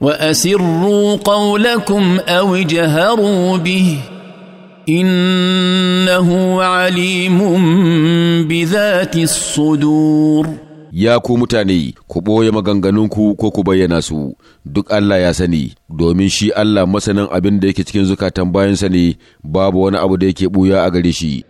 واسروا قولكم او اجهروا به انه عليم بذات الصدور ya ku mutane ku ɓoye maganganun ku ko ku bayyana su duk Allah ya sani domin shi Allah masanin abin da yake cikin zukatan bayansa ne babu wani abu da yake ɓuya a gare shi